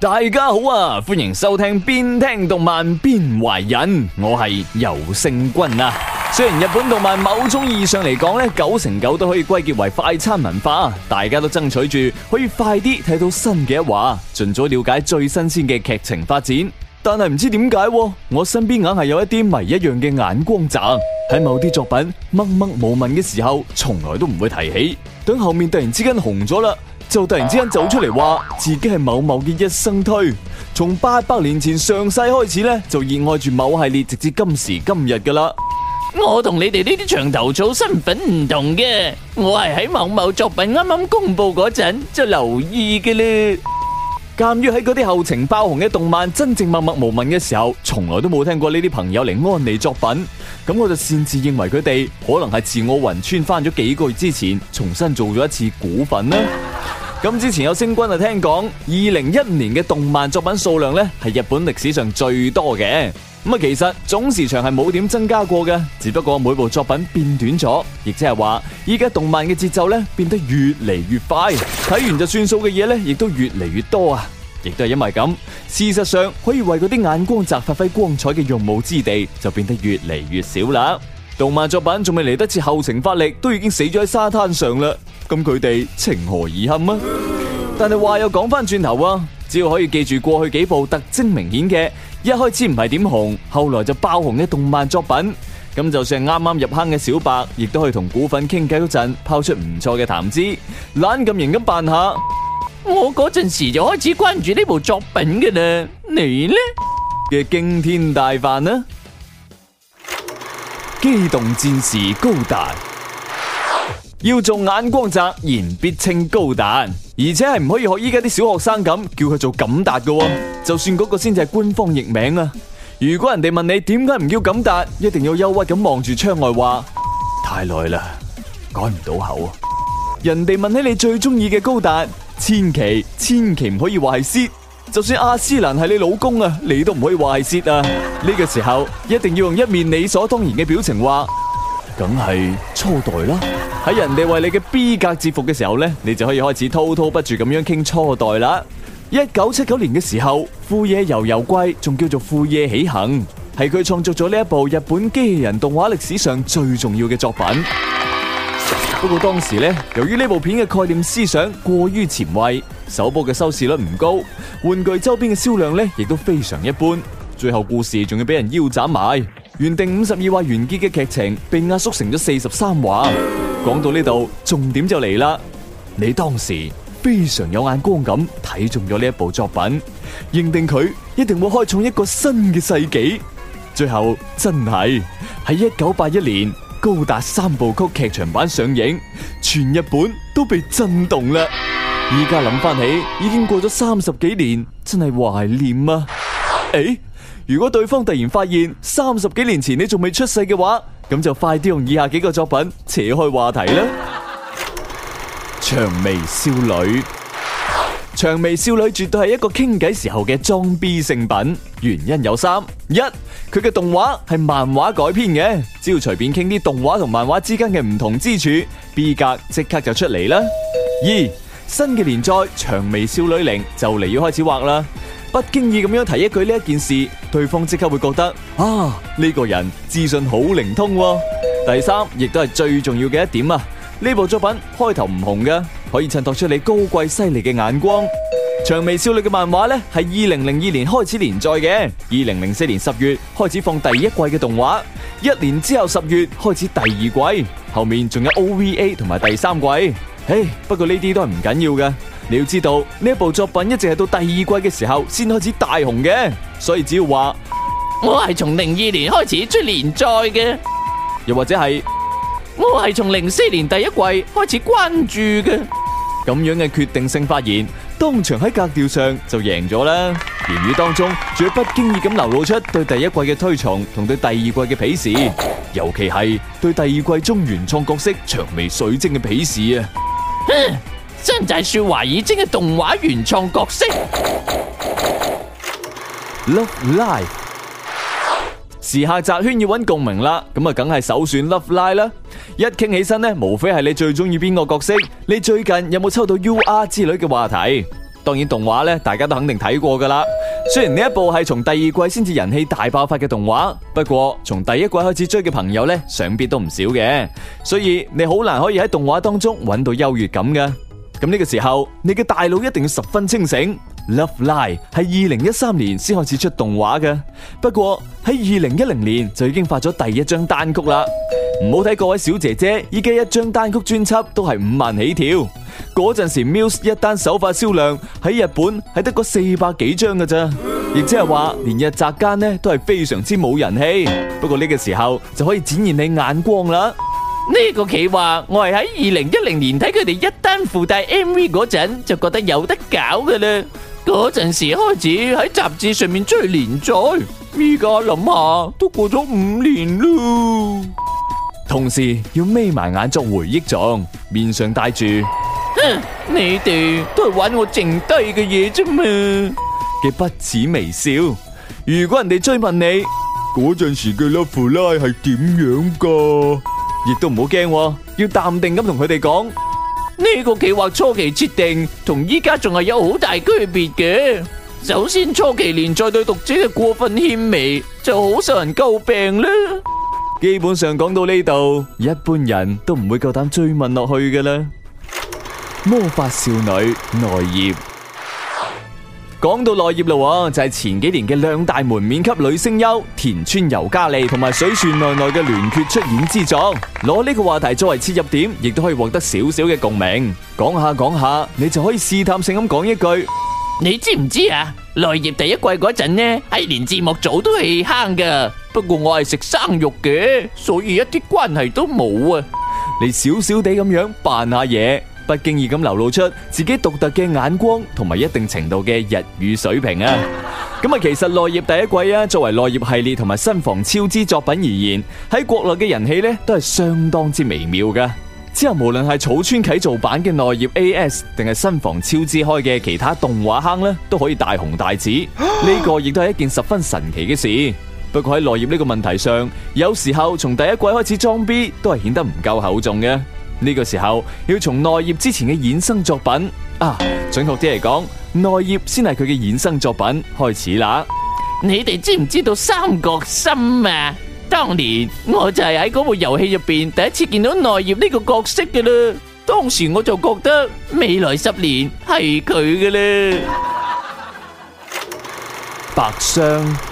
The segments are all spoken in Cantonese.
大家好啊！歡迎收聽邊聽動漫邊懷忍，我係游勝君啊。雖然日本動漫某種意義上嚟講咧，九成九都可以歸結為快餐文化，大家都爭取住可以快啲睇到新嘅一話，盡早了解最新鮮嘅劇情發展。但係唔知點解，我身邊硬係有一啲迷一樣嘅眼光，咋喺某啲作品掹掹無聞嘅時候，從來都唔會提起，等後面突然之間紅咗啦。就突然之間走出嚟，話自己係某某嘅一生推，從八百年前上世開始咧就熱愛住某系列，直至今時今日噶啦。我同你哋呢啲長頭草身份唔同嘅，我係喺某某作品啱啱公布嗰陣就留意嘅咧。鑑於喺嗰啲後程爆紅嘅動漫真正默默無聞嘅時候，從來都冇聽過呢啲朋友嚟安利作品，咁我就擅自認為佢哋可能係自我雲穿返咗幾個月之前重新做咗一次股份呢。咁之前有星君啊，聽講二零一五年嘅動漫作品數量咧，係日本歷史上最多嘅。咁啊，其實總時長係冇點增加過嘅，只不過每部作品變短咗，亦即係話依家動漫嘅節奏咧變得越嚟越快，睇完就算數嘅嘢咧亦都越嚟越多啊！亦都係因為咁，事實上可以為嗰啲眼光宅發揮光彩嘅用武之地就變得越嚟越少啦。動漫作品仲未嚟得切，後程發力都已經死咗喺沙灘上啦。咁佢哋情何以堪啊？但係話又講翻轉頭啊，只要可以記住過去幾部特徵明顯嘅，一開始唔係點紅，後來就爆紅嘅動漫作品，咁就算啱啱入坑嘅小白，亦都可以同股份傾偈嗰陣，拋出唔錯嘅談資。懶咁型咁扮下，我嗰陣時就開始關注呢部作品嘅啦。你咧嘅驚天大飯啊！機動戰士高達，要做眼光窄，言必稱高達，而且係唔可以學依家啲小學生咁叫佢做敢達噶。就算嗰個先至係官方譯名啊。如果人哋問你點解唔叫敢達，一定要憂鬱咁望住窗外話太耐啦，改唔到口啊。人哋問起你最中意嘅高達，千祈千祈唔可以話係薛。就算阿斯蘭係你老公啊，你都唔可以話係蝕啊！呢個時候一定要用一面理所當然嘅表情話，梗係初代啦。喺人哋為你嘅 B 格折服嘅時候呢，你就可以開始滔滔不絕咁樣傾初代啦。一九七九年嘅時候，富野由悠季仲叫做富野喜幸，係佢創作咗呢一部日本機器人動畫歷史上最重要嘅作品。不過當時呢，由於呢部片嘅概念思想過於前衛，首播嘅收視率唔高，玩具周邊嘅銷量呢亦都非常一般。最後故事仲要俾人腰斬埋，原定五十二話完結嘅劇情被壓縮成咗四十三話。講到呢度，重點就嚟啦！你當時非常有眼光咁睇中咗呢一部作品，認定佢一定會開創一個新嘅世紀。最後真係喺一九八一年。高達三部曲劇場版上映，全日本都被震動啦！依家諗翻起，已經過咗三十幾年，真係懷念啊！誒、欸，如果對方突然發現三十幾年前你仲未出世嘅話，咁就快啲用以下幾個作品扯開話題啦，《 長眉少女》。薔薇少女絕對係一個傾偈時候嘅裝 B 聖品，原因有三：一，佢嘅動畫係漫畫改編嘅，只要隨便傾啲動畫同漫畫之間嘅唔同之處，B 格即刻就出嚟啦；二，新嘅連載《薔薇少女零》就嚟要開始畫啦，不經意咁樣提一句呢一件事，對方即刻會覺得啊呢、這個人資訊好靈通、啊；第三，亦都係最重要嘅一點啊。呢部作品開頭唔紅㗎，可以襯托出你高貴犀利嘅眼光。薔薇少女嘅漫畫咧係二零零二年開始連載嘅，二零零四年十月開始放第一季嘅動畫，一年之後十月開始第二季，後面仲有 OVA 同埋第三季。唉、hey，不過呢啲都係唔緊要嘅，你要知道呢一部作品一直係到第二季嘅時候先開始大紅嘅，所以只要話我係從零二年開始出連載嘅，又或者係。我係從零四年第一季開始關注嘅，咁樣嘅決定性發言，當場喺格調上就贏咗啦。言語當中仲有不經意咁流露出對第一季嘅推崇同對第二季嘅鄙視，尤其係對第二季中原創角色長眉水晶嘅鄙視啊！哼，真就係說懷疑晶嘅動畫原創角色，Love Live。時下宅圈要搵共鳴啦，咁啊梗係首選 Love Live 啦。一傾起身呢，無非係你最中意邊個角色，你最近有冇抽到 UR 之類嘅話題？當然動畫呢大家都肯定睇過噶啦。雖然呢一部係從第二季先至人氣大爆發嘅動畫，不過從第一季開始追嘅朋友呢，想必都唔少嘅。所以你好難可以喺動畫當中搵到優越感嘅。咁呢個時候，你嘅大腦一定要十分清醒。Love Live 係二零一三年先開始出動畫嘅，不過喺二零一零年就已經發咗第一張單曲啦。唔好睇，各位小姐姐依家一張單曲專輯都係五萬起跳。嗰陣時 Muse 一單首發銷量喺日本係得個四百幾張嘅啫，亦即係話連日宅間呢都係非常之冇人氣。不過呢個時候就可以展現你眼光啦。呢個企劃我係喺二零一零年睇佢哋一單附帶 MV 嗰陣就覺得有得搞嘅啦。嗰陣時開始喺雜誌上面追連載，依家諗下都過咗五年啦。同時要眯埋眼作回憶狀，面上帶住。哼、啊，你哋都係玩我剩低嘅嘢啫嘛。嘅不齒微笑。如果人哋追問你嗰陣時嘅拉夫拉係點樣噶，亦都唔好驚，要淡定咁同佢哋講。呢個計劃初期設定同依家仲係有好大區別嘅。首先初期連載對讀者嘅過分諂媚，就好受人詬病啦。基本上講到呢度，一般人都唔會夠膽追問落去噶啦。魔法少女奈葉。講到奈葉咯，就係、是、前幾年嘅兩大門面級女聲優田村由加莉同埋水樹奈奈嘅聯決出演之作，攞呢個話題作為切入點，亦都可以獲得少少嘅共鳴。講下講下，你就可以試探性咁講一句：你知唔知啊？奈葉第一季嗰陣呢，係連字幕組都起坑噶。不過我係食生肉嘅，所以一啲關係都冇啊。你少少地咁樣扮下嘢。不經意咁流露出自己獨特嘅眼光同埋一定程度嘅日語水平啊！咁啊，其實奈葉第一季啊，作為奈葉系列同埋新房昭之作品而言，喺國內嘅人氣咧都係相當之微妙噶。之後無論係草川啟造版嘅奈葉 AS，定係新房昭之開嘅其他動畫坑咧，都可以大紅大紫。呢 個亦都係一件十分神奇嘅事。不過喺奈葉呢個問題上，有時候從第一季開始裝 B 都係顯得唔夠厚重嘅。呢個時候要從內葉之前嘅衍生作品啊，準確啲嚟講，內葉先係佢嘅衍生作品開始啦。你哋知唔知道三角心啊？當年我就係喺嗰部遊戲入邊第一次見到內葉呢個角色嘅啦。當時我就覺得未來十年係佢嘅啦。 白霜。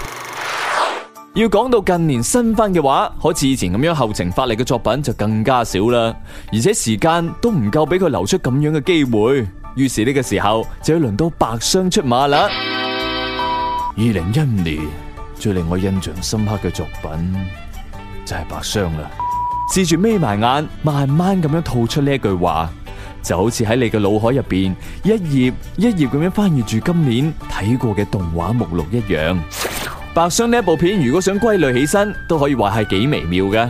要講到近年新番嘅話，好似以前咁樣後程發力嘅作品就更加少啦，而且時間都唔夠俾佢留出咁樣嘅機會。於是呢個時候就要輪到白霜出馬啦。二零一五年最令我印象深刻嘅作品就係、是、白霜啦，試住眯埋眼，慢慢咁樣吐出呢一句話，就好似喺你嘅腦海入邊一頁一頁咁樣翻閱住今年睇過嘅動畫目錄一樣。白箱呢一部片如果想歸類起身，都可以話係幾微妙嘅。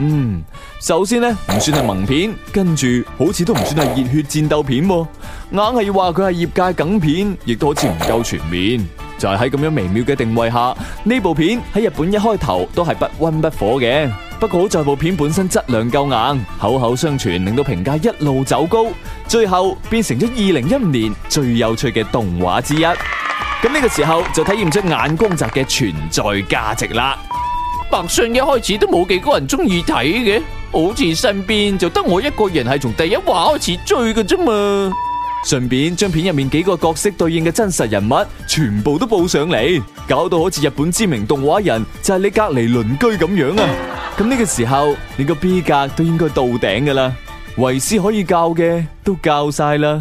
嗯，首先呢，唔算係萌片，跟住好似都唔算係熱血戰鬥片，硬係要話佢係業界梗片，亦都好似唔夠全面。就係喺咁樣微妙嘅定位下，呢部片喺日本一開頭都係不溫不火嘅。不過好在部片本身質量夠硬，口口相傳令到評價一路走高，最後變成咗二零一五年最有趣嘅動畫之一。咁呢個時候就體現出眼光宅嘅存在價值啦。白信一開始都冇幾個人中意睇嘅，好似身邊就得我一個人係從第一話開始追嘅啫嘛。順便將片入面幾個角色對應嘅真實人物全部都報上嚟，搞到好似日本知名動畫人就係你隔籬鄰居咁樣啊！咁呢個時候你個 B 格都應該到頂噶啦，維斯可以教嘅都教晒啦。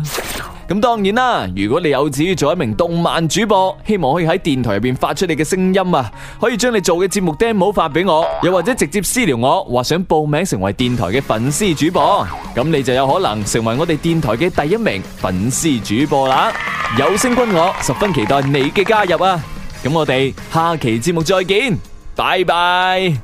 咁當然啦，如果你有志於做一名動漫主播，希望可以喺電台入邊發出你嘅聲音啊，可以將你做嘅節目 demo 發俾我，又或者直接私聊我，話想報名成為電台嘅粉絲主播，咁你就有可能成為我哋電台嘅第一名粉絲主播啦！有聲君我十分期待你嘅加入啊！咁我哋下期節目再見，拜拜。